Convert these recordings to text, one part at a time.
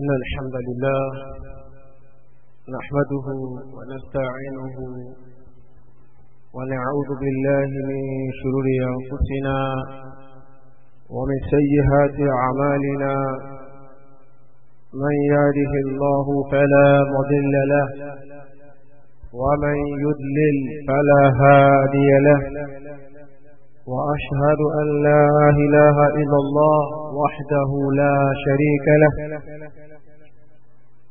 إن الحمد لله نحمده ونستعينه ونعوذ بالله من شرور أنفسنا ومن سيئات أعمالنا من يهده الله فلا مضل له ومن يدلل فلا هادي له وأشهد أن لا إله إلا الله وحده لا شريك له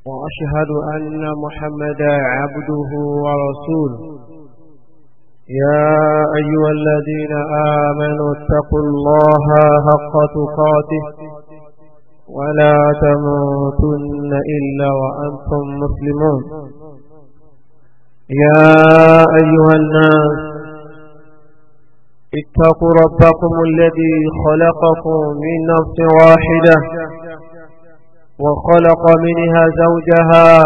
وأشهد أن محمدا عبده ورسوله يا أيها الذين آمنوا اتقوا الله حق تقاته ولا تموتن إلا وأنتم مسلمون يا أيها الناس اتقوا ربكم الذي خلقكم من نفس واحدة وخلق منها زوجها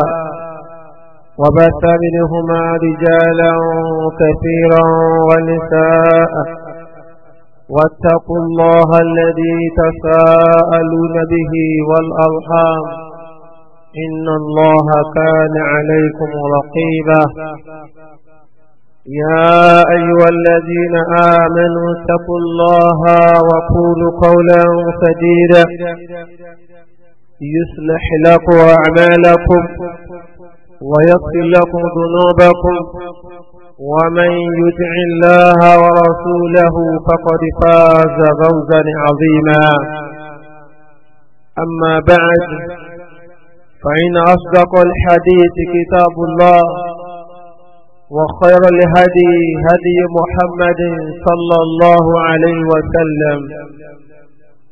وبث منهما رجالا كثيرا ونساء واتقوا الله الذي تساءلون به والأرحام إن الله كان عليكم رقيبا يا أيها الذين آمنوا اتقوا الله وقولوا قولا سديدا يصلح لكم أعمالكم ويغفر لكم ذنوبكم ومن يطع الله ورسوله فقد فاز فوزا عظيما أما بعد فإن أصدق الحديث كتاب الله وخير الهدي هدي محمد صلى الله عليه وسلم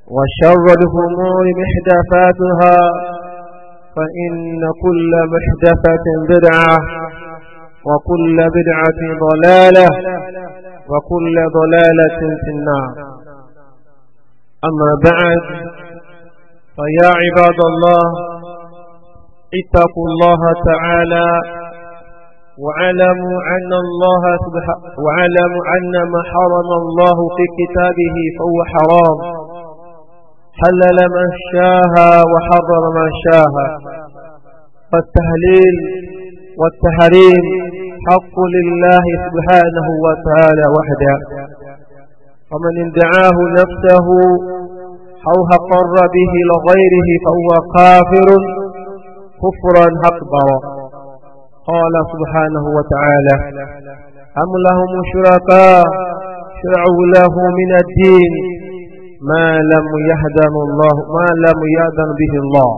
وشر الأمور محدثاتها فإن كل محدثة بدعة وكل بدعة ضلالة وكل ضلالة في النار أما بعد فيا عباد الله اتقوا الله تعالى واعلموا أن الله سبحانه وعلموا أن ما حرم الله في كتابه فهو حرام حلل ما شاها وحرر ما شاها فالتهليل والتحريم حق لله سبحانه وتعالى وحده ومن ادعاه نفسه أو أقر به لغيره فهو كافر كفرا أكبر قال سبحانه وتعالى أم لهم شركاء شرعوا له من الدين ما لم يهدم الله ما لم يأذن به الله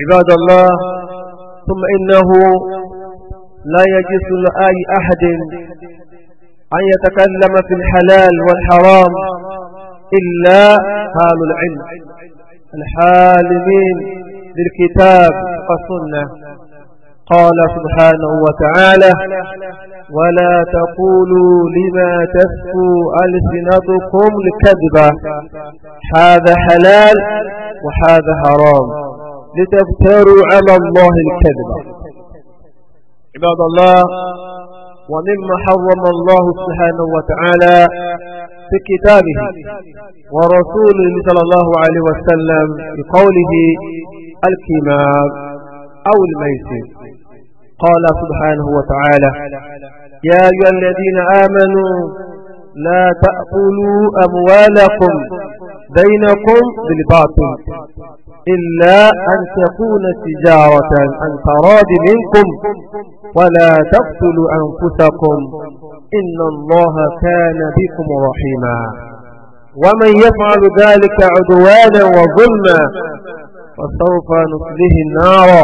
عباد الله ثم إنه لا يجوز لأي أحد أن يتكلم في الحلال والحرام إلا حال العلم الحالمين للكتاب والسنة قال سبحانه وتعالى ولا تقولوا لما تفكوا ألسنتكم الكذبة هذا حلال وهذا حرام لتفتروا على الله الكذبة عباد الله ومما حرم الله سبحانه وتعالى في كتابه ورسوله صلى الله عليه وسلم بقوله الكمام أو الميسر قال سبحانه وتعالى يا أيها الذين آمنوا لا تأكلوا أموالكم بينكم بالباطل إلا أن تكون تجارة عن تراد منكم ولا تقتلوا أنفسكم إن الله كان بكم رحيما ومن يفعل ذلك عدوانا وظلما فسوف نصله النار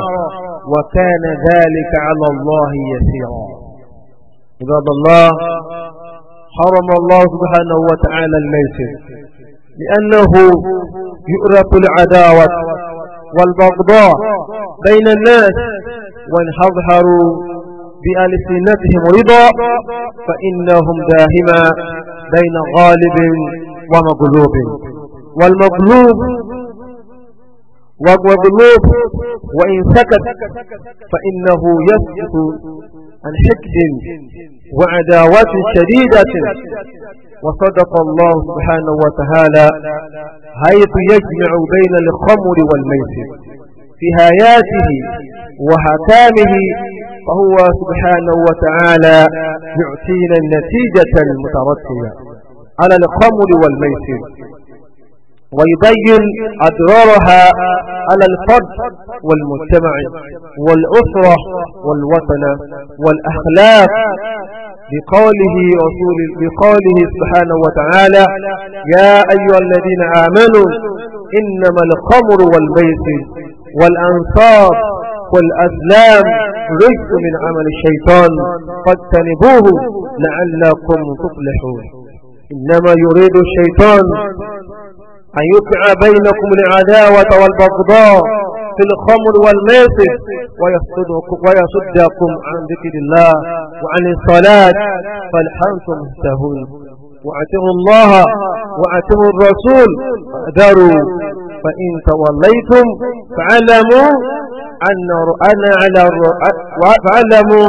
وكان ذلك على الله يسيرا عباد الله حرم الله سبحانه وتعالى الميسر لأنه يؤرق العداوة والبغضاء بين الناس وإن حظهروا بألسنتهم رضا فإنهم داهما بين غالب ومغلوب والمغلوب وظلوف وإن سكت فإنه يسكت عن حقد وعداوات شديدة وصدق الله سبحانه وتعالى حيث يجمع بين الخمر والميسر في هاياته وحكامه فهو سبحانه وتعالى يعطينا النتيجة المترتبة على الخمر والميسر ويبين أضرارها على الفرد والمجتمع والأسرة والوطن والأخلاق بقوله رسول بقوله سبحانه وتعالى يا أيها الذين آمنوا إنما الخمر والبيت والأنصاب والأسلام رجس من عمل الشيطان فاجتنبوه لعلكم تفلحون إنما يريد الشيطان أن يقع بينكم العداوة والبغضاء في الخمر والميسر ويصدكم عن ذكر الله وعن الصلاة فالحنتم مستهون واعتموا الله واعتموا الرسول فأذروا فإن توليتم فعلموا أن أنا على فعلموا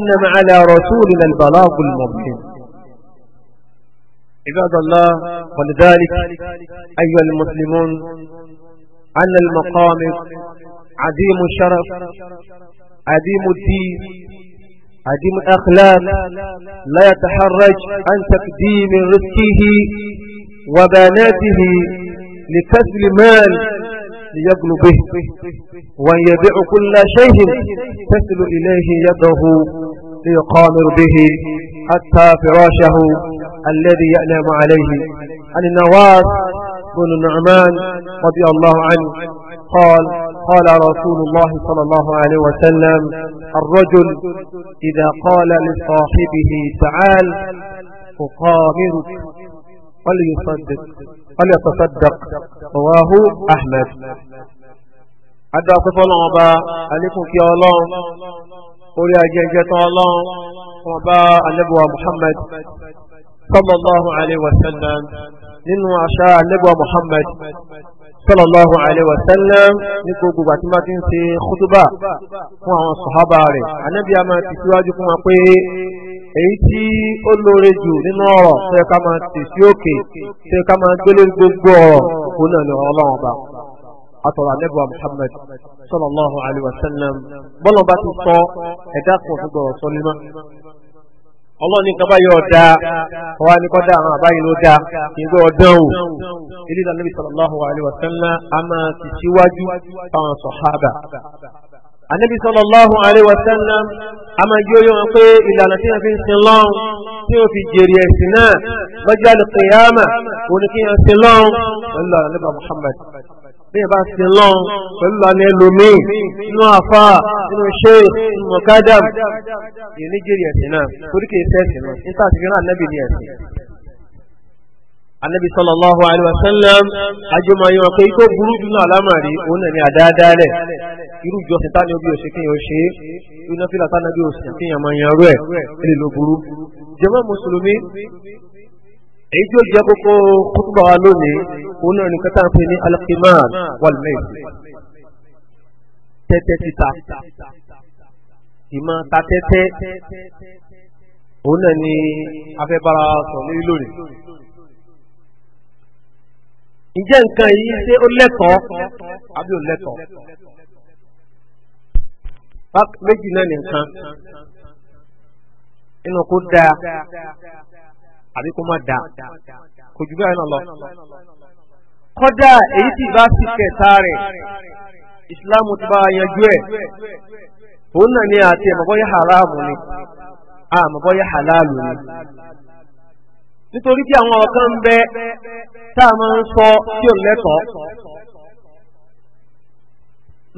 أن على رسولنا البلاغ المبين عباد الله ولذلك أيها المسلمون أن المقام عديم الشرف عديم الدين عديم الأخلاق لا يتحرج عن تقديم رزقه وبناته لكسب المال ليبلو به وأن يبيع كل شيء تسل إليه يده ليقامر به حتى فراشه الذي يألم عليه عن النواس بن النعمان رضي الله عنه قال قال رسول الله صلى الله عليه وسلم الرجل إذا قال لصاحبه تعال أقامرك فليصدق فليتصدق رواه أحمد adá pẹ́fọ́ lọ́wọ́ bá alékún kí ọlọ́run orí ajẹ́jẹ́ tán ọlọ́run wọn alẹ́bùwà Muhammad صلى الله عليه وسلم nínú àṣà alẹ́gbà Muhammad sallallahu alayhi wa sallam ní gbogbo àti máa ti ń ṣe kútúbà fún àwọn sọ̀hábà rẹ̀ anábì a máa ti síwájú fún wa pé èyí tí ó lóore jù nínú ọ̀rọ̀ tó yẹ ká máa tì sí òkè tó yẹ ká máa gbélé gbogbo ọ̀rọ̀ òkú náà ní ọ̀rọ̀ ọlọ́run ọba àtọ̀rọ̀ àlẹ́bùwà Muhammad sallallahu alayhi wa sallam bọ́lọ̀ bá ti sọ ẹ̀dá kan fún gbọ̀rọ̀ sọ ọlọ́run ní kaba yóò da ọwọ́ anìkọ́dá àwọn àbáyé ló da ìgbé ọdún o ilé ìlànà nabi sallallahu alaihi wa sallam a máa ti síwájú àwọn sọ̀hábà. anabi sallallahu alaihi wa sallam a máa yóò yọ wọn pé ìlànà tí wọn fi ń sin lọ́run tí wọn fi jèrè ẹ̀sìn náà lọ́jọ́ àlùkìyàmà òun ni kí wọn sin lọ́run pẹ̀lú àlùbà muhammad bí ìbá ti lọ pẹ̀lú lọ́nà ẹlòmíì inú àfá inú ṣe mọ̀kádàm ní níjírí ẹ̀sìn náà torí kìí sẹ́ẹ̀sì náà níta ti gẹ́rẹ́ ànábì ní ẹ̀sìn ànábì sallallahu alaihi wasallam ajọmọ yọ pé ikó burú jù náà lámàrí òun náà ní àdáadáa rẹ̀ irú ìjọ sita ni obi òṣè kéèyàn ṣe é iná fílà tánàbí òṣè kéèyàn máa yan rú ẹ̀ nílùú burú jàmá èyí tí ó jẹ́ kókó kútùbà wa lónìí òun náà nìkan tá à ń pè ní alqimar walmays tẹ́tẹ́ títa ìmọ̀ ta tẹ́tẹ́ òun náà ni afẹ́bára sọ̀rọ̀ lórí lónìí. ǹjẹ́ nǹkan yìí ṣé ó lẹ́tọ̀ọ́ àbí ó lẹ́tọ̀ọ́ méjì náà nìkan inú kó dáa àbí kó má da kò jù lọ. kọ́dà èyí tí bá sì kẹta rẹ̀ ìsìláàmù ti bá yanjú ẹ̀ òun náà ni àti ẹ̀mọ̀bọ́yá haramu ni àmọ̀bọ́yá halalu ni. nítorí tí àwọn ọ̀kan ń bẹ tá a máa ń sọ tí ò lẹ́tọ̀ọ́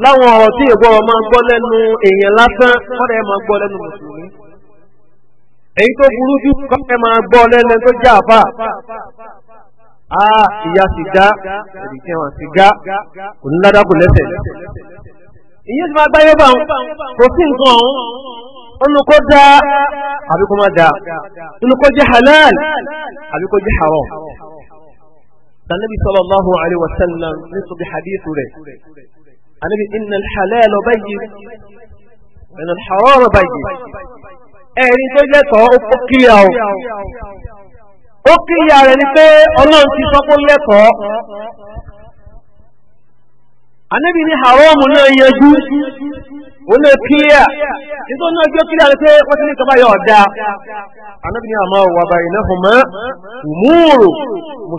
láwọn ọ̀rọ̀ tí ìgbọ́ ọmọ gbọ́ lẹ́nu èèyàn lásán kọ́dà ẹ̀ máa gbọ́ lẹ́nu mùsùlùmí. èyí tó burú jù kọ́kẹ́ máa gbọ́ lẹ́nu tó jẹ́ àfà a ìyá sìgá èdè tí wọn sìgá kò ní ládàá kò lẹ́sẹ̀ ìyẹn ti máa gbáyé bá kò sí nǹkan ọ̀hún ọ̀nà kó dá àbí kó má jẹ́ halal àbí kó jẹ́ haram sanabi sallallahu alayhi wa sallam nítorí hadith rẹ̀ anabi inna halal bayyin wa inna al-haram bayyin. ẹ̀rí tó lẹ́tọ̀ọ́ ó kíyà o ó kíyà rẹ̀ ni pé ọlọ́run ti sọ pé lẹ́tọ̀ọ́ anábì ní haramu náà yẹjú ó lè kíyà nítorí náà jẹ́ kíyà rẹ̀ pé wọ́n ti ní kaba yọ ọ̀dà anábì ní àmọ́ wàbàyìn náà fún mọ́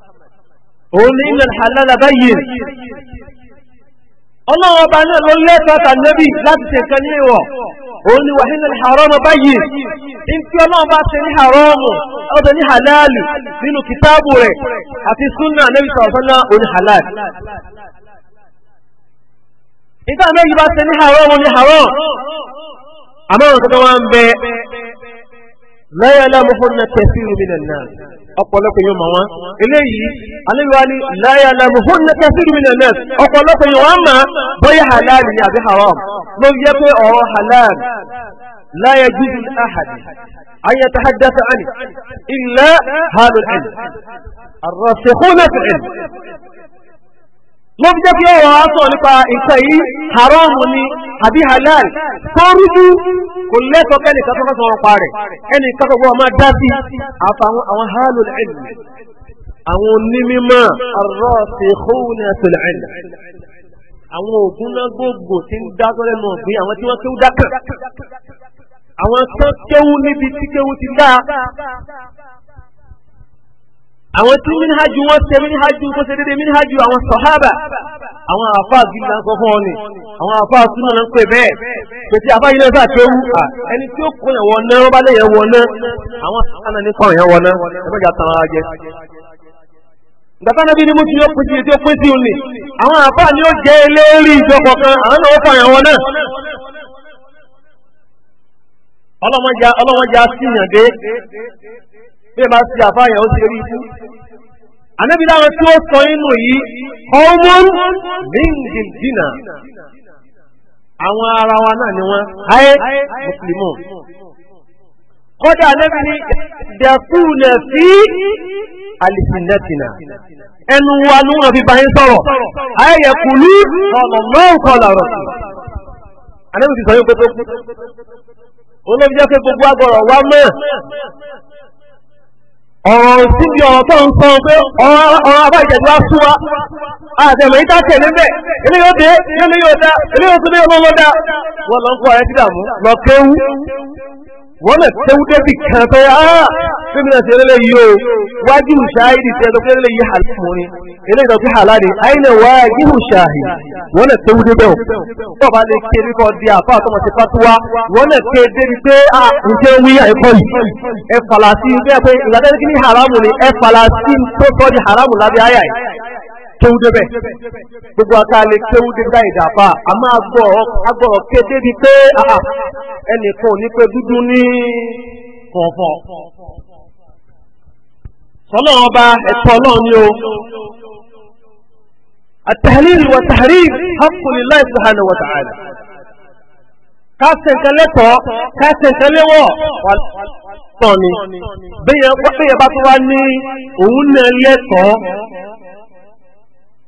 òun ní ilẹ̀ halala báyìí ọlọ́run ọba náà ló lẹ́tọ̀ọ́ta nẹ́bì láti ṣe nǹkan ní ìwọ̀ òun ni wàhíní haramu báyìí ntí ọlọ́run bá ṣe ní haramu ọ̀dọ̀ ní halali nínú kìtáàbù rẹ̀ àti sunna nẹ́bì sọ̀rọ̀sọ́nà òun halal. nígbà méjì bá ṣe ní haramu ní haramu àmọ́ òun tó wá ń bẹ la ya'lamuhunna kathiru minan nas ọ̀pọ̀lọpọ̀ yóò mọ̀ wọn eléyìí aléwàlí la ya'lamuhunna kathiru minan nas ọ̀pọ̀lọpọ̀ yóò wọ́n mọ̀ bóyá halal ni àbí haram ló yẹ pé ọ̀rọ̀ halal la yajuzu li ahad an yatahaddatha anhu illa ahlul ilm الراسخون في العلم ló fi jẹ́ kí ọ̀rọ̀ wa sọ nípa nǹkan yìí haramu ni àbí halal kọ́rúdú kò lẹ́tọ̀ọ́ kẹ́ni kan tó fẹ́ sọ̀rọ̀ pa rẹ̀ ẹni kan tó gbọ́dọ̀ máa dá sí àfàwọn àwọn hálò ẹ̀lì àwọn onímọ̀ arọ́ọ̀sì hóun ẹ̀sìn ẹ̀lì àwọn ògùn náà gbogbo tí ń dá sọ́rẹ́ náà gbé àwọn tí wọ́n kéwú dákàn àwọn kan kéwú níbi tí kéwú ti dá àwọn tí mínhájú wọn ṣe mínhájú tó ṣe àwọn sọ̀hábà àwọn àfáà gidi náà fún ọ ni àwọn àfáà súnà náà ń pè pèsè àfáà yìí náà sà tó wù ẹni tí ó wọn bá lè yẹn wọná àwọn sàánà ní kọrin yẹn tán ara jẹ. ni mo ti yọ ètò òun ni àwọn àfáà ni ó jẹ kan bí ẹ bá ti àfáàyàn ó ti rí ikú. Ànábi láwọn tí ó sọ inú yìí, ọmọn míngìndínà. Àwọn ara wa náà ni wọ́n, ayé mùsùlùmù. Kọ́dà ànábi ni ìdẹ̀kùnà sí àlìsìnẹ́tìnà. Ẹnu wa ló wọ́n fi báyìí sọ̀rọ̀. Ayé yẹ kùlú ọ̀nà náà kọlà rọ̀. Ànábi ti sọ gbogbo agbọ̀rọ̀ wa mọ̀. ọ̀rọ̀ síbi ọ̀rọ̀ tó ń sọ pé ọ̀rọ̀ abá ìjẹ̀jú wa níbẹ̀ ilé yóò dé ilé yóò dá ilé yóò tún ní lọ ń kó wọ́n náà tẹ́wú débì kan pé á fíìmù náà ṣe lélẹ̀ yìí o wájú ṣáàìdì tí ẹ lọ́pẹ́ lélẹ̀ yìí àlùmọ́ni eléyìí tó fi hàlá ni àyìnà wájú ṣáàìdì wọ́n náà tẹ́wú débẹ̀ o. wọ́n bá lè ké ní kọ́ di àfa àtọmọ ti fatuwa wọ́n náà ké débi pé a ah, ǹjẹ́ wí ẹ̀kọ́ yìí ẹ falasi bẹ́ẹ̀ pé ìgbàdẹ́ni kí haramu ni ẹ falasi tó tọ́ haramu lábẹ́ kéwú débẹ̀ gbogbo aka lè kéwú débà ìdàpá àmọ́ agbọ̀rọ̀ kéde bíi pé ẹnìkan ò ní pẹ́ dúdú ní kọ̀ọ̀fọ̀ sọlọ́run ọba ẹ̀tọ́ ọlọ́run ni o àtàlíl wà tàríl haqqulillah subhanahu wa ta'ala kásẹ̀kẹ́lẹ́tọ̀ kásẹ̀kẹ́lẹ́wọ̀ tọ̀ ni bẹ́yẹ̀ bá tó wá ní òun náà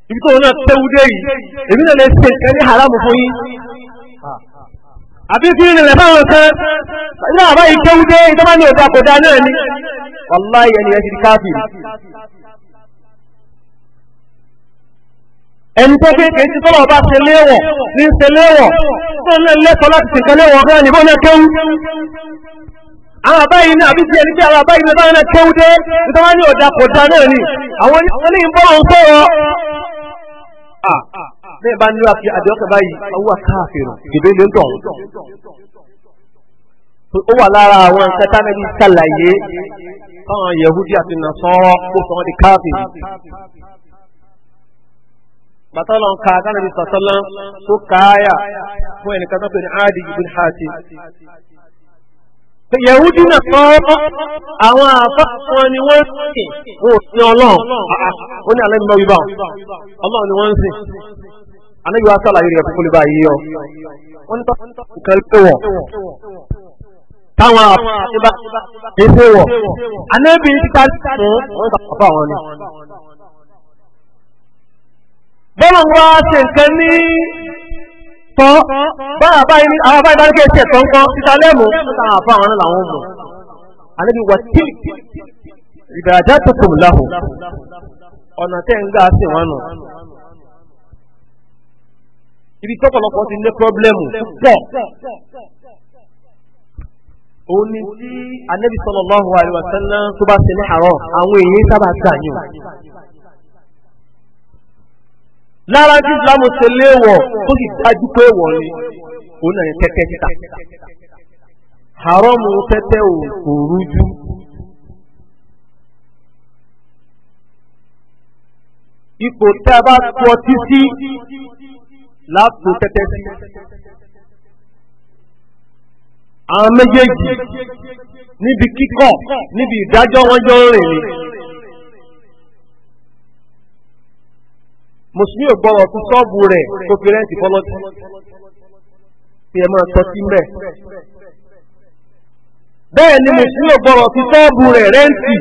ibi tó náà tẹ́wú dé yìí èmi náà lè ṣe nǹkan ní haramu fún yín àbí kí nílẹ̀ fáwọn kan ilé àbá yìí tẹ́wú dé ìjọba ní òkè àkọ́dá náà ni wàláhì ẹni ẹ ti di káfíìn ẹni tó kí kìí ti tọ́lọ̀ ọba ṣe léwọ̀ ní ṣe léwọ̀ tó ní lẹ́tọ̀ọ́ láti ṣìkan léwọ̀ ọ̀gá ni bọ́ọ̀ náà kéwú àwọn àbáyìí ní àbí ti ẹni pé àwọn àbáyìí ní báyìí náà kéwú dé ìjọba ní òdà kò dá náà ni àwọn oníyìnbó ọ̀hún sọ̀rọ̀ à bẹ́ẹ̀ bá nílò àti àdéhùn báyìí àwọn káàfìràn ìbí ló ń tọ̀ ó wà lára àwọn nǹkan tánàbí ṣàlàyé táwọn yahudi àti nasọ́rọ́ kó sọ wọn di káàfìrì bàtàlọ́ ń ka tánàbí sọ̀tọ́lá tó káàyà fún ẹnìkan tó pè ní áàdì ibn Hatim yẹ̀wúdí náà kọ́ àwọn àfáàfọ́ ni wọ́n sìn wọ́n ní ọlọ́run wọ́n ní alẹ́ nínú wíwá ọlọ́run ni wọ́n ń sìn anáyọ̀ asálàyé rẹ̀ fúnfún níbà yìí ọ wọ́n ní nǹkan lé wọ̀ táwọn àfáàfọ́ bá ń ṣe wọ̀ anábì ń ta fún wọn sàkóbá wọn ni. bọ́lá wa ṣe nǹkan ní tọ́ bá àbáyé ní àwọn àbáyé bá ní kéèké ẹ̀tọ́ nǹkan títa lẹ́mù níta àfa àwọn náà làwọn mọ̀ wà tí ìdàjà tó láhùn ọ̀nà tẹ́ ń gbà sí wọn nù. ibi tọ́pọ̀lọpọ̀ ti ní pọ́blẹ́mù pọ̀ òun ni tí anabi sallallahu alaihi wasallam tó bá ṣe ní àárọ̀ lára tí islamu ṣe léèwọ̀ tó sì dájú pé wọ̀ ni òun náà ní tẹ́tẹ́ títa haramu tẹ́tẹ́ ò kò rújú. ipò tẹ́ a bá tọ́ ọtí sí láàpò tẹ́tẹ́ sí. àwọn méjèèjì níbi kíkọ̀ níbi ìdájọ́ wọn jọ ń rìn ni. mùsùlùmí ò gbọ́rọ̀ sí ṣọ́ọ̀bù rẹ̀ tó fi rẹ́ǹtì fọlọ́tì tí ẹ máa tọ́tí mbẹ́. bẹ́ẹ̀ ni mùsùlùmí ò gbọ́rọ̀ sí ṣọ́ọ̀bù rẹ̀ rẹ́ǹtì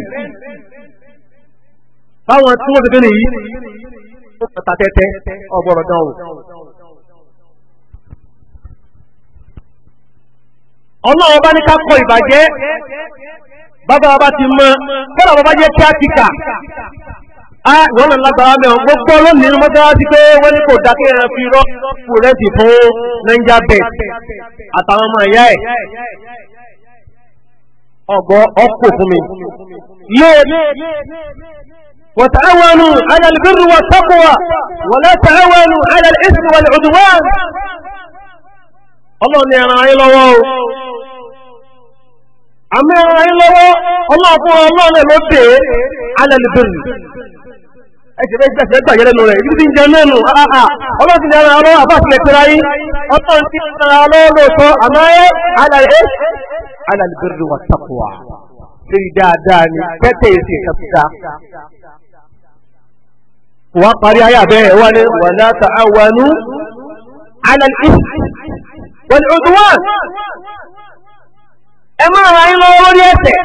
báwọn tí wọ́n ti gbélé yìí ó kàtà tẹ́tẹ́ ọ̀gbọ̀rọ̀ gan ọlọ́run bá ní ká kọ ìbàjẹ́ bàbá wa bá ti mọ kọ́lá bàbá jẹ́ kíákíkà wọ́n lọ lágbára mẹ́wọ̀n gbogbo lónìí ní mọ́sálásí pé wọ́n ní kò dákẹ́ ẹran fi rọ́ fún rẹ́sì fún Niger bet àtàwọn ọmọ ìyá ẹ̀ ọ̀gbọ́ ọ̀pọ̀ fún mi. وتعاونوا على البر والتقوى ولا تعاونوا على الإثم والعدوان الله على البر ẹ̀sẹ̀ fẹ́ gbẹ̀sẹ̀ gbàjẹ́ lẹ́nu rẹ̀ ibi tí ń jẹ mẹ́nu ọlọ́run ti dára ọlọ́run àbáṣilẹ̀ pẹ́ra yín ọlọ́run ti dára ọlọ́run lóòótọ́ àmáyé alàlẹ́ alàlẹ́bẹ̀rẹ̀ wà tàkùwà ṣe dáadáa ni tẹ́tẹ̀ èsì ìṣàkúta wà parí ayé àbẹ́ ẹ̀ wà ní wàlá ta'awanu alàlẹ́ wàlẹ́ ọdún wà ẹ máa ra yín lọ́wọ́ lórí ẹ̀sẹ̀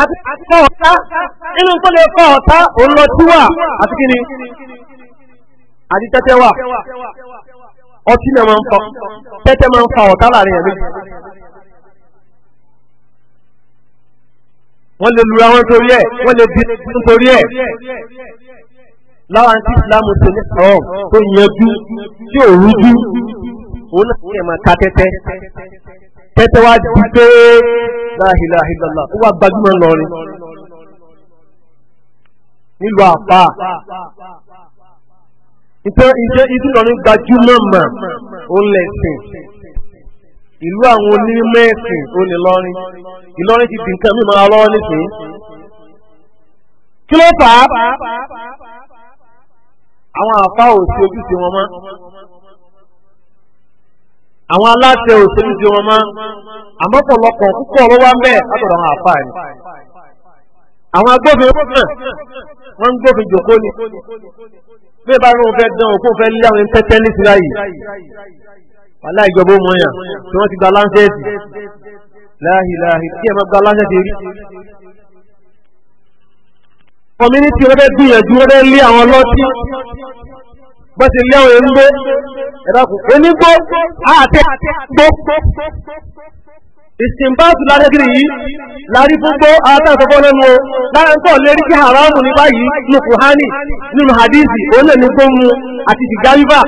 àti kọ ọ̀tá nínú tó lè kọ ọ̀tá òun lọ tí wà àti kíni àti tẹ́tẹ́ wà ọtí náà máa ń fa tẹ́tẹ́ máa ń fa ọ̀tá láàrin ẹ̀mí. wọ́n lè lura wọn torí ẹ̀ wọ́n lè bí nítorí ẹ̀ láwọn tí Islam ṣe ní ọ̀rọ̀ tó yanjú tí ò rújú òun náà ń yẹ̀ máa ka tẹ́tẹ́ tẹ́tẹ́ wá di pé láhìláhìlọ́lá ó wá gbajúmọ̀ lọ́rin nílùú àpá ìtẹ́ ìjẹ́ ìdúlọ́rin gbajúmọ̀ mà ó lẹ̀sìn ìlú àwọn onímẹ̀sìn ó ní lọ́rin ìlọrin ti di nǹkan mímọ́ lọ́wọ́ nísìnyí kí ló fà á àwọn àpá ò sí ojúṣe wọn mọ́ àwọn aláṣẹ òṣèlú ti wọn mọ́ àmọ́ pọ̀lọpọ̀ púpọ̀ ló wá ń bẹ́ẹ̀ látọ̀dọ̀ àwọn àfáà ni. àwọn agbófinró náà wọ́n ń gbófin jòkó ni bí ìbá náà fẹ́ dán òkú fẹ́ lé àwọn pẹ́tẹ́lí sí láyè wàhálà ìjọba ọmọ yàn tí wọ́n ti gba láńsẹ́ẹ̀sì láhìláhì kí ẹ̀ máa gba láńsẹ́ẹ̀sì rí community wọ́n fẹ́ gbìyànjú wọ́n fẹ́ lé àwọn lọ́tí wọ́n ti lé òun gbó ẹ̀dọ́kùn onígbó àti àgbó ìsìnbáàtù lárẹ́gìrì yìí lárí gbogbo àtàtọ̀bọ́ lẹ́nu o lára ń tọ́ lérí kí haramu ní báyìí ní kùhání nínú hadithi onílẹ̀ ní gbóhùn àti ìgbàlúbà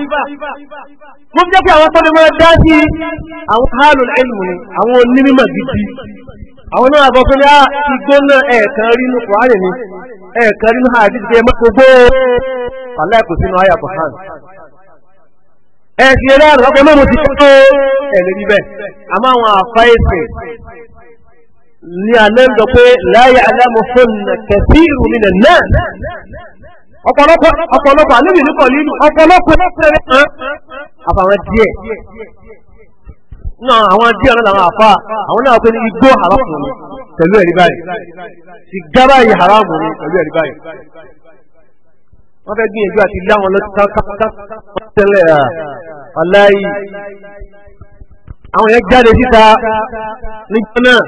mo fi jẹ́ pé àwọn tọ́lẹ̀ mọ́ dá sí àwọn hálùn ilmu àwọn onímọ̀ gidi àwọn ah, náà ẹ̀ẹ̀kan rí kùhání ni ẹ̀ẹ̀kan rí aláìkò sínú àyà kò hàn ẹ̀sìn ẹ̀rọ àrùn ọkọ̀ mẹ́rin ti tó ẹ̀lẹ́ níbẹ̀ àmọ́ àwọn àfa ẹ̀sìn ní alẹ́ ń dọ̀ pé láyé alámọ̀fọ́n kẹfí ìrùmínà náà ọ̀pọ̀lọpọ̀ ọ̀pọ̀lọpọ̀ àlébì nípọ̀ nínú ọ̀pọ̀lọpọ̀ ẹ̀rẹ́ kan àfàwọn díẹ̀ náà àwọn díẹ̀ náà làwọn àfa àwọn náà pé igbó haramu ni pẹ̀lú ẹ̀rí báyìí ìgbá báyìí haramu ni pẹ̀lú ẹ̀rí báyìí wọ́n fẹ́ gbìyànjú àti láwọn lọ́tí tẹ́lẹ̀ aláì àwọn yẹn jáde síta nígbà náà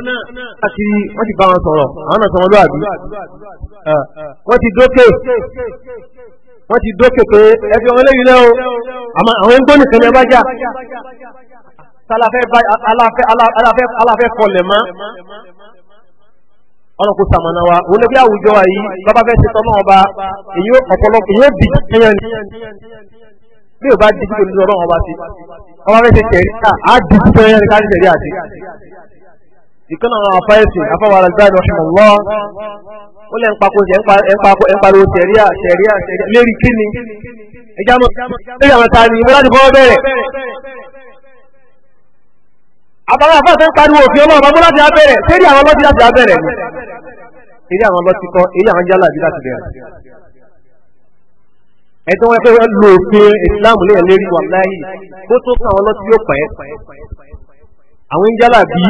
láti wọ́n ti bá wọn sọ̀rọ̀ àwọn náà sọ̀rọ̀ lóàbí wọ́n ti dókè wọ́n ti dókè pé ẹbí wọn léyìn lẹ́wọ́ àwọn ẹgbẹ́ nìkan ní abájá aláfẹ́ kọlẹ̀ mọ́ ọlọ́run kò sàmọ̀nà wa òun lè bí àwùjọ wa yìí bàbá fẹ́ ṣe tọ́nà ọba èyí ọ̀pọ̀lọpọ̀ èyí di kéèyàn ni bí o bá di kéèyàn ní ọlọ́run ọba sí ọba fẹ́ ṣe tẹ̀rí ká á di kéèyàn ní káàdì tẹ̀rí àti. ìkan náà àwọn afáyẹsì afáwàrà gbáà ní ọ̀sùn lọ ó lẹ́ ń pa kóṣe ẹ̀ ń pariwo tẹ̀ríà tẹ̀ríà tẹ̀ríà lérí kíni ẹ̀já mọ̀ ẹ̀já mọ̀ ta ni ìwé láti fọwọ́ bẹ̀rẹ̀ àtàwọn àbá tó ń pariwo òfin ọlọ́ọ̀bá mú láti abẹ́rẹ̀ sérí àwọn ọlọ́tí láti abẹ́rẹ̀ ni eré àwọn ọlọ́tí kọ́ eré àwọn jálà bí láti bẹ̀rẹ̀ ẹ̀dọ́ wọn fẹ́ lo òfin ìsìláàmù lẹ́yìn lérí wà láyé kó tó kàn àwọn ọlọ́tí yóò pẹ́ àwọn jálà bí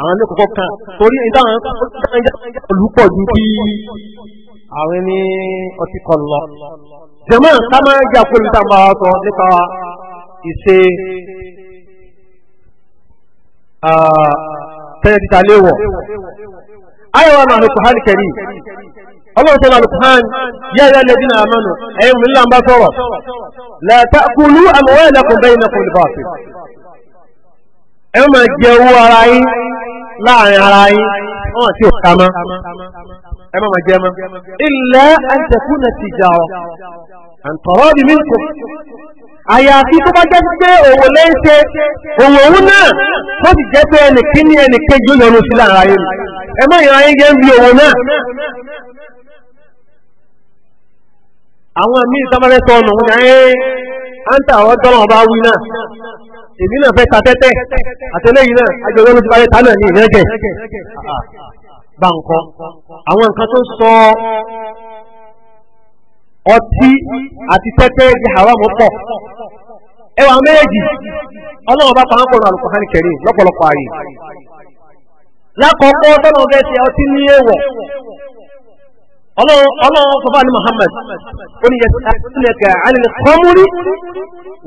àwọn ilé kọ̀ọ̀kan kan torí ẹ̀dá àwọn olùpọ̀ ju bí àwọn ní ọtí kan lọ jẹ̀mọ́ ká máa jà pé olùtàmbà wa sọ Ah, tẹ́lẹ̀ títa léwọ̀. ayọ̀wá náà lóko hàn kẹrì ọlọ́run tó náà lóko hàn yẹ́ ẹ̀yà lẹ́dí náà mọ́nu ẹ̀yìn mi nílànbá sọ̀rọ̀ lẹ́tà kúlú àmọ́wọ́ ẹ̀lẹ́kùn bẹ́yìn náà kò lè bá a fi. ẹ máa jẹ owó ara yín láàrin ara yín wọn àti òkà mọ́ ẹ máa jẹ mọ́. ilẹ̀ àǹtẹ̀kùnà ti jà ọ́ àǹtọ̀rọ̀ bí mi kò àyàfi tó bá jẹ́ pé òwò lè ń ṣe òwò òun náà tó sì jẹ́ pé ẹnìkí ní ẹnìkejì ó yọnu sí lára yìí ẹ mọ́ ìran ayé jẹ́ ń bi òwò náà àwọn míì sábàbẹ́ sọ ọ̀nà òun ẹ̀ áńtà ọ̀rọ̀ tọ́lọ̀ bá wí náà èmi náà fẹ́ ta tẹ́tẹ́ àtẹlẹ́yìn náà àjọyọ̀ ló ti parí ta náà ní ìrẹ́jẹ̀ bá ń kọ́ àwọn nǹkan tó sọ ọtí àti tẹ́tẹ́ di haram pọ̀ ẹwà méjì ọlọ́run bá pa ń kọ̀ọ̀nù àlùkò hàn kẹrin lọ́pọ̀lọpọ̀ ààyè lákọ̀ọ́kọ́ tọ́nà ọ̀gá ẹ̀sìn ọtí ní èèwọ̀ ọlọ́run sọfà ní Muhammad onye ní yẹtí kọ́múrí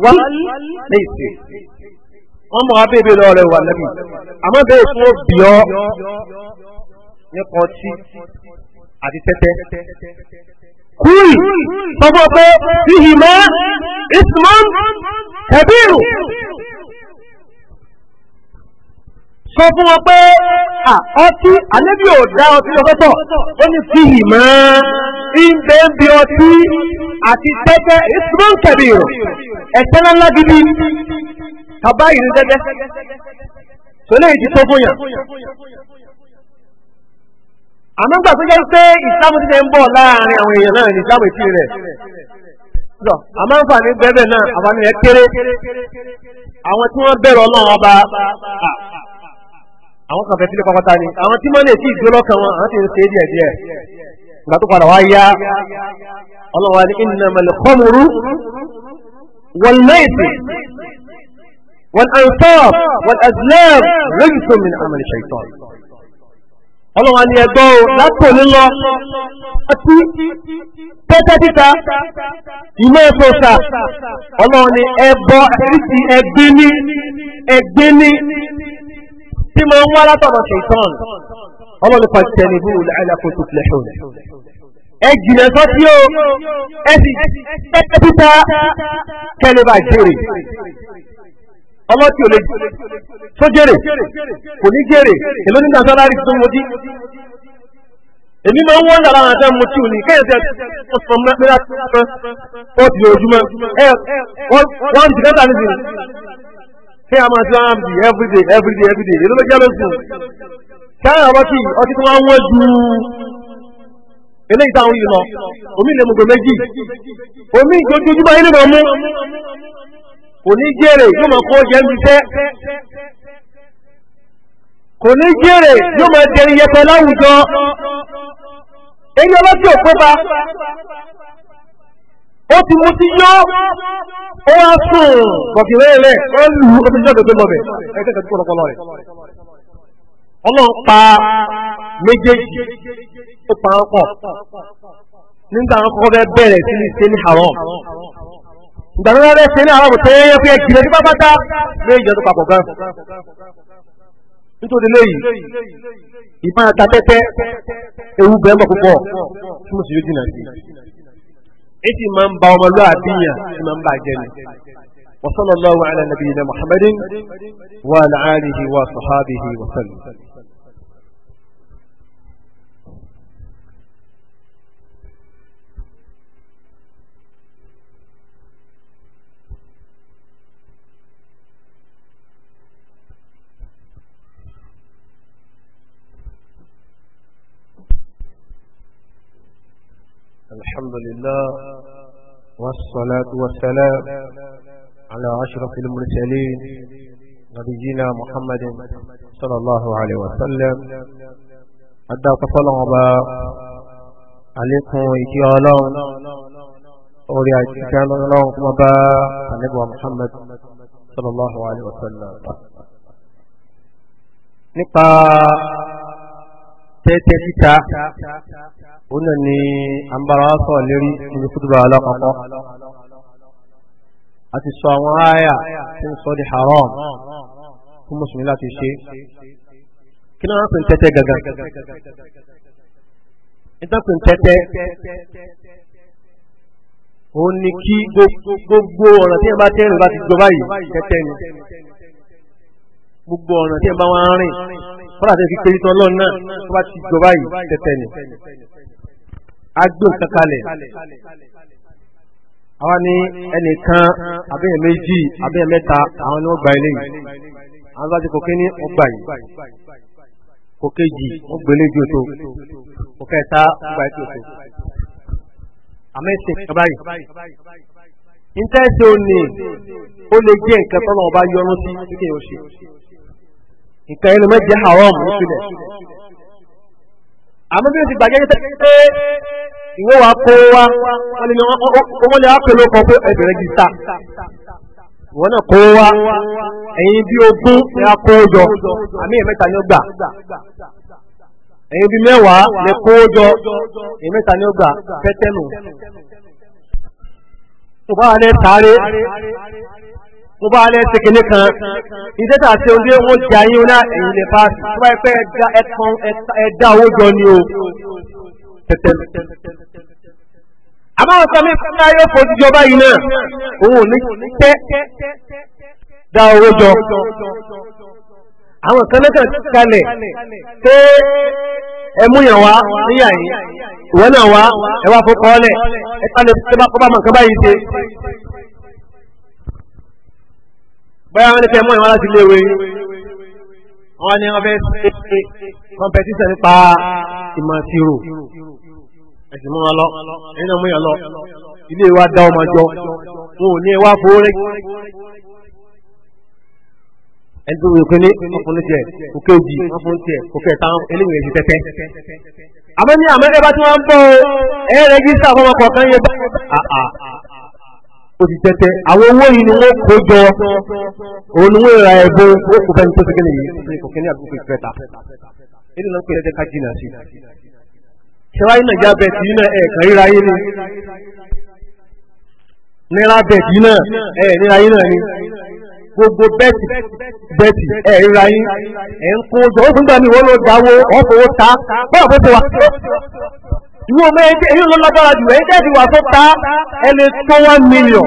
wà lẹ́yìn wọ́n mọ̀ abébé lọ́wọ́ rẹ̀ wà lẹ́bi àmọ́ bẹ́ẹ̀ fún òbí nípa ọtí àti tẹ́tẹ́ kúrì sọ́bọ̀ pé síhì mọ́ isman kẹbíru sọ fún wọn pé ọtí alẹ́bí ò dá ọtí lọ́tọ́tọ̀ ó ní síhì mọ́ ìgbẹ́ ń bi ọtí àti tẹ́tẹ́ isman kẹbíru ẹ̀tẹ́ ńlá gidi tàbá ìrìn tẹ́tẹ́ tó lè ti tó fún yàn àmọ́gbà tó jẹ́ pé ìsáàmù ti ń bọ̀ láàrin àwọn èèyàn náà ní ìsáàmù ìtì rẹ̀ lọ àmọ́gbà ní bẹ́ẹ̀ náà àwọn ènìyàn kéré àwọn tí wọ́n bẹ̀rù ọlọ́run ọba àwọn kan fẹ́ẹ́ sílẹ̀ pápátá ni àwọn tí wọ́n lè ti ìdúró lọ́kàn wọn àwọn ti ń ṣe é díẹ̀ díẹ̀ ìgbà tó padà wá yá ọlọ́run wa ní innamal khamru wal maisir wal ansab wal azlam rẹ́jùsọ̀ ọlọ́wọ́ ni ẹgbọ́ o látòlú lọ ọtí tẹ́tẹ́ títa ìmọ̀ ẹ̀fọ́sà ọlọ́wọ́ ni ẹbọ títí ẹgbẹ́ni ẹgbẹ́ni tí mo ń wá látọ̀dọ̀ ṣètọ́n ọlọ́wọ́ nípa tẹ̀lé bú la'allakum tuflihun ẹ jìnà sọ́tí o ẹ sì tẹ́tẹ́ títa kẹlẹ́bà jèrè ọmọ tí ò lè tó jèrè kò ní jèrè èló nígbà sálárì tó mo dí èmi máa ń wọ́n lára àwọn àtẹ́mu tí ò ní kéyàn tẹ ọ̀sán mẹ́ta kan ó ti ojúmọ́ ẹ wọ́n ti kẹta níbi kí a máa ti wọ́n bí everyday everyday everyday èló ló jẹ́ lóṣù káyọ̀ ọtí ọtí tí wọ́n wọ́n ju eléyìí táwọn yìí lọ omi ìlẹ̀ mọ̀gbẹ̀ méjì omi ìjọjúmọ́ ayé lè mọ̀ mú kò ní jèrè yóò máa kó jẹ́ ní iṣẹ́ kò ní jèrè yóò máa jẹni yẹpẹ láwùjọ èyí ọlọ́ tí ò kópa ó ti mú sí yó ó wá sùn bọ̀kìrẹ́ rẹ̀ ó lù ú ó ti jọ́ dòdò lọ́bẹ̀ ẹgbẹ́ kẹ́kẹ́ kọ́ lọ́rẹ̀ ọlọ́run pa méjèèjì ó pa wọn nígbà wọn kọ́kọ́ bẹ́ẹ̀ bẹ̀rẹ̀ sí ní ṣe ní ìgbàlódé rẹ̀ ṣe ní àwọn ọ̀tẹ́ yẹn fi ẹ̀jìnlẹ̀ ní pápátá lórí ìjọ tó papọ̀ gan. nítorí léyìí ìbọn ata tẹ́tẹ́ ewu bẹ́ẹ̀ mọ̀ púpọ̀ tí mo sì yóò jìnnà sí. èsì máa ń ba ọmọlúwàbí yàn tí máa ń wa ni. وصلى الله على نبينا محمد وعلى آله وصحابه وسلم الحمد لله والصلاة والسلام على أشرف المرسلين نبينا محمد صلى الله عليه وسلم أدى تفضل أبا عليكم إتي الله أولي أتكان الله أبا النبي محمد صلى الله عليه وسلم نقا tẹ́tẹ́ títa òun náà ni à ń bára sọ lérí níbi fúdùbà alákọ̀ọ́kọ́ a ti sọ àwọn àyà tí ń sọ di haram fún mùsùlùmí láti ṣe kí náà pè ń tẹ́tẹ́ gaga, nítorí pè ń tẹ́tẹ́ òun ni kí gbogbo ọ̀nà tí ẹ bá tẹ́rìn bá ti jọba yìí tẹ́tẹ́ ni gbogbo ọ̀nà tí ẹ bá wá rìn fúnra tẹ fi pé ìtàn lọ́n náà tó bá ti jọba yìí tẹ̀tẹ̀ ni agbóhùn kankanlẹ̀ àwa ni ẹnìkan abẹ́yẹn méjì abẹ́yẹn mẹ́ta àwọn ni wọ́n gba ilé yìí àwọn bá ti kò kíní wọ́n gbà yìí kò kejì wọ́n gbélé ju oto kò kẹta wọ́n gbà ètò oto àmẹ́sẹ̀ kaba yìí níta ẹsẹ̀ ò ó lè jẹ́ nǹkan tọ́lọ́ ọba yọrùn sí kíkẹ́ yóò ṣe. nǹkan ẹnu mẹ́jẹ haram nípìnlẹ̀ àmọ́ bí o ti gbàgbé pé ìwé wa kó wa wọ́n lè wọ́n lè wá pẹ̀lú ọkọ̀ pé ẹ̀dùn rẹ́gísítà wọ́n náà kó wa ẹ̀yin bí ogún ni a kó àmì ìmẹ́ta ni ó gbà ẹ̀yin bí mẹ́wàá lè kó ìmẹ́ta ni ó gbà ní mo bá alẹ́ ṣe kìnní kan ìdẹ́ta àti oúnjẹ wọn jẹ ayé wọn náà èyí lè fa tó bá pẹ́ ẹ̀dá owó jọ ni o tẹ̀tẹ̀. àmọ́ ọ̀sán mi fún ayé òfojú jọba yìí náà òun ò ní tẹ́ dá owó jọ. àwọn kan lẹ́kàn kalẹ̀ pé ẹ mú yàn wá níyà yìí ìwọ náà wá ẹ wá fún kọ́ọ́lẹ̀ ẹ kalẹ̀ tó bá kọ́ bá mọ̀ nǹkan báyìí ṣe bóyá wọn ní fẹ́ mọ́ ìwọ́n láti léwe wọn ní wọn fẹ́ ṣe kọmpẹtíṣẹ̀ nípa ìmọ̀ ìṣirò ẹ̀sìn mọ́ wọn lọ ẹ̀yìn náà mú yàn lọ ilé wa dá ọmọ jọ wọn ò ní ẹwà fóore ẹni tó wù kíní wọn fún tiẹ̀ kò kéèjì wọn fún tiẹ̀ kò kẹta eléyìí èsì tẹ́tẹ́ àmọ́ ní àmọ́ ẹgbẹ́ bá tí wọ́n ń bọ̀ ẹ̀ rẹ́gísítà fún ọmọ kọ̀ọ̀kan yẹn bá ah, ah. òsì tẹ̀tẹ̀ àwọn owó yìí ni wọ́n kó jọ òun ra ẹ̀bọ ó kò fẹ́ni tó fẹ́kẹ́ nìyí kò kí ní àdúgbò ìfẹ́ ta nínú náà pèlè ká jìnnà sí. náà já bẹ́ẹ̀ náà ẹ̀ kàn ni nira bẹ́ẹ̀ náà ẹ̀ náà ni gbogbo bẹ́ẹ̀tì bẹ́ẹ̀tì ẹ̀ ríra yín ẹ̀ ń kó jọ ó fún gbàmí wọ́n ló ìwọ ọmọ ẹgbẹ́ èyí ló lágbára jù ẹ̀yìn tẹ́ẹ̀dì wà tó ta ẹni tó one million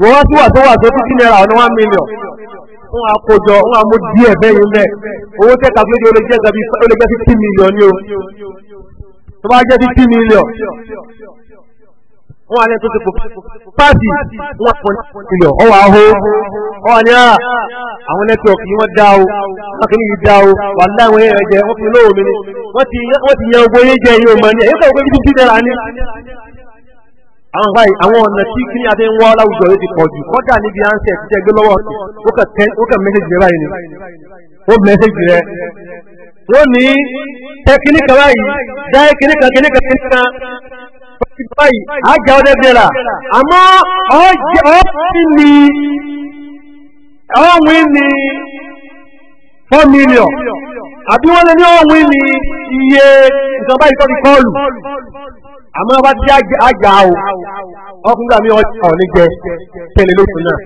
wọ́n wá sí wà tó wà tó títí náírà ọ̀nà one million fún àkójọ fún àmú díẹ̀ bẹ́yìn bẹ́ẹ̀ owó tẹ́ kàfé lóde olè jẹ́ fifty million ni o tó bá jẹ́ fifty million wọn alẹ́ tó ti kò pàtì wọn kàn ilẹ̀ ọwọ́ ahó ọwọ́ ni àwọn nẹ́tíwọ̀kì yìí wọ́n dá o wọ́n kì í yìí dá o wà láwọn ẹ̀rẹ̀ jẹ wọ́n fi lóòrùn mi ni wọ́n ti yan ogbó yé jẹ yóò mọ̀ ní ẹ̀yọ́ kọ̀ọ̀kọ́ bí ti dára ní. àwọn báyìí àwọn ọ̀nà tí kí ni a fi ń wá láwùjọ yóò ti pọ̀ jù kọ́dà níbi ansẹ̀ ti jẹ́ gbé lọ́wọ́ ó kàn mẹ́sẹ̀jì rẹ báyìí ni ó mẹ́sẹ̀jì rẹ wọ́n ní tẹ́kíníkà báyìí dá kíníkà kíníkà kíníkà báyìí àjà ọdẹ bẹ̀rẹ̀ àmọ́ ọ́ọ́sì ni ọ̀wìn ni four million àbí wọ́n lè ní ọ̀wìn ni iye ìjọba ìtọ́jú kọ́ọ̀lù àmọ́ ọba tí àjà o ọkùnrin àmì ọjà ò ní jẹ tẹ́lẹ̀ lóṣù náà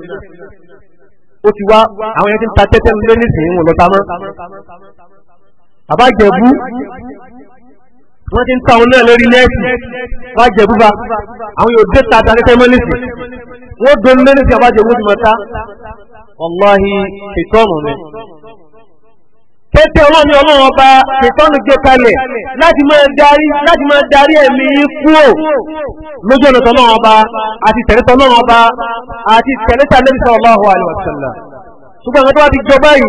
ó ti wá àwọn yẹn ti ń ta tẹ́tẹ́ ń lé nísìnyí wọn lọ́ta mọ́ bàbá jẹ̀bú wọ́n ti ń ta òun náà lórí nẹ́ẹ̀sì wọ́n á jẹ búba àwọn yóò dé ta àtàrí tẹ́mọ́nìsì wọ́n domi mẹ́nìsì àbájẹ́ wọ́n ti mọ̀ ta wàláhi ṣètọ́nù ni. kété ọlọ́run ni ọlọ́run ṣètọ́nù gbé kalẹ̀ láti máa darí láti máa darí ẹ̀mí yín kúrò lójú ọ̀nà ọba àti tẹ̀lé ọba àti tẹ̀lé ṣùgbọ́n àwọn tó wá fi jọ báyìí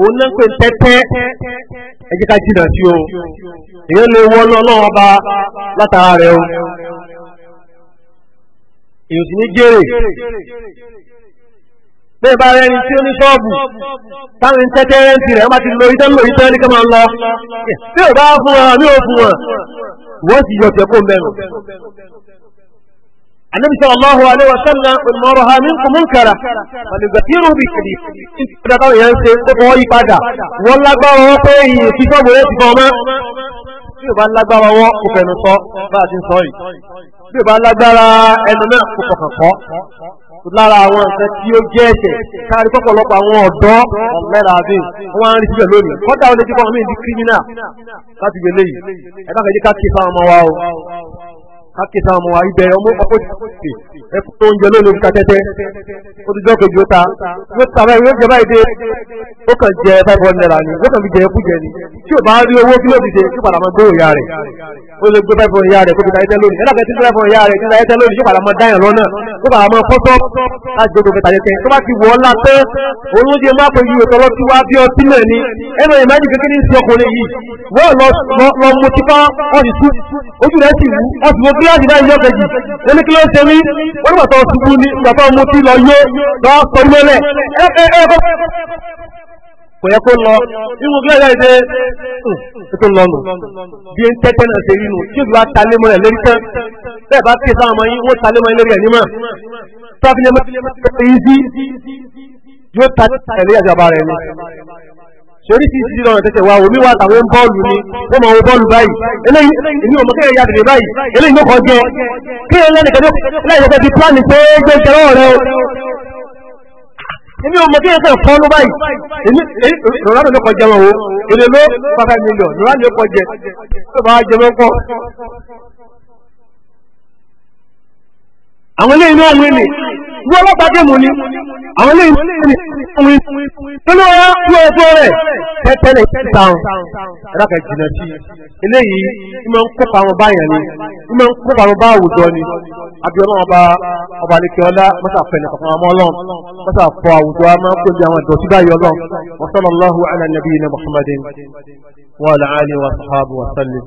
òun náà pè tẹ́tẹ́ ẹ jẹ́ ká jìnnà sí o èyí lè wọ lọ́wọ́ ọba látara rẹ o èyí sì ní jèrè bẹ́ẹ̀ bá rẹ ni tí ó ní ṣọ́ọ̀bù táwọn tẹ́tẹ́ rẹ́ǹtì rẹ̀ wọ́n bá ti lo ìtẹ́ lò ìtẹ́ ní ká máa lọ bí ò bá fún wọn àbí ò fún wọn wọ́n sì yọ̀ tẹ́kọ̀ mẹ́rin. النبي صلى الله عليه وسلم ما رها منكم منكرا فليغيره بيده انت تقول يا سيد ولا غبا هو pé ti so bo ti fomo tí ó bá lágbára wo kò fẹnu sọ bá tin sọ yìí tí ó bá lágbára ẹnu náà kò kokan ko lára àwọn nǹkan tí ó jẹ́ ẹ̀ṣẹ̀ káàrí pọ̀pọ̀lọpọ̀ àwọn ọ̀dọ́ ọ̀mẹ́ra àbí wọ́n á rí síbẹ̀ lónìí kọ́dà ó lè jí fọ́nmí ní láti gbélé yìí ẹ̀dá kẹ́jẹ́ ká kí fáwọn ọmọ wa o akita ọmọ wa ibẹ̀ ọmọ ọkọ ti ẹkú tó ń jẹ lónìí nǹkan tẹ́tẹ́ ó ti jọ́ kejì ó ta yóò ta báyìí yóò jẹ báyìí dé ó kàn jẹ five hundred naira ni yóò kàn fi jẹ ẹkú jẹ ni tí o bá rí owó kí yóò fi ṣe yóò padà máa gbé òòyà rẹ̀ ó lè gbé five hundred naira rẹ̀ kó fi ta ẹtẹ lónìí ẹ̀dá kẹtí five hundred naira rẹ̀ kí ta lónìí yóò padà máa dáyàn lọ́nà yóò padà máa fọ́tọ́ láti gbogbo kẹta yẹn tó bá ti wọ̀ ọ́ kíláàsì bá yọ kejì ó ní kí ló ń ṣe mí wọ́n nígbà tó ṣubú ní ìgbà tó mú tí lọ yó lọ sọ mọ́lẹ̀ kò yẹ kó lọ nínú kíláàsì yẹn ṣe tó lọ nù bí ń tẹ́tẹ́ náà ṣe rí nù tí ìgbà talé mọ́lẹ̀ lérí tán bẹ́ẹ̀ bá ké sáwọn ọmọ yín wọ́n talé mọ́lẹ̀ lérí ẹ̀ nímọ̀ tó a fi lè mọ́ yóò ta tẹ̀lé àjàbá rẹ̀ ni torí sí sí lọ́rọ̀ tẹ́tẹ̀ wa omi wa tàwọn bọ́ọ̀lù ni wọ́n máa wo bọ́ọ̀lù báyìí eléyìí èmi ò mọ kéèyàn ya dèrè báyìí eléyìí ló kọ jẹ kéèyàn lẹ́nìkan tó láyé tẹ́tẹ́ fi pílánì pé gbé jẹrọ rẹ o èmi ò mọ kéèyàn tẹ̀ fọ́nú báyìí èmi Ronaldo ló kọ jẹ o èlé ló five million Ronaldo ló kọ jẹ tó bá jẹ wọn àwọn eléyìí náà wí bí ọlọ́pàá dé mú ni àwọn ilé ìwé ní ìwé tó ní wọn kú ọjọ́ rẹ̀ tẹ́tẹ́lẹ̀ ìta wọn ẹ̀dáka ìjìnà sí eléyìí ní máa ń kópa wọn báyàn ni ní máa ń kópa wọn bá àwùjọ ni abiola ọba ọba aleke ọlá mọ́sá fẹ̀ nìkan fún ọmọ ọlọ́run mọ́sá fọ àwùjọ a máa ń kó bí àwọn ìdọ̀tí báyọ̀ ọlọ́run wa sallallahu ala nabiyina muhammadin wa ala alihi wa sahabu wa sallim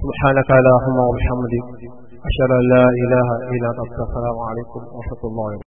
subhanaka allahumma wa bihamdik أشهد أن لا إله إلا أنت السلام عليكم ورحمة الله وبركاته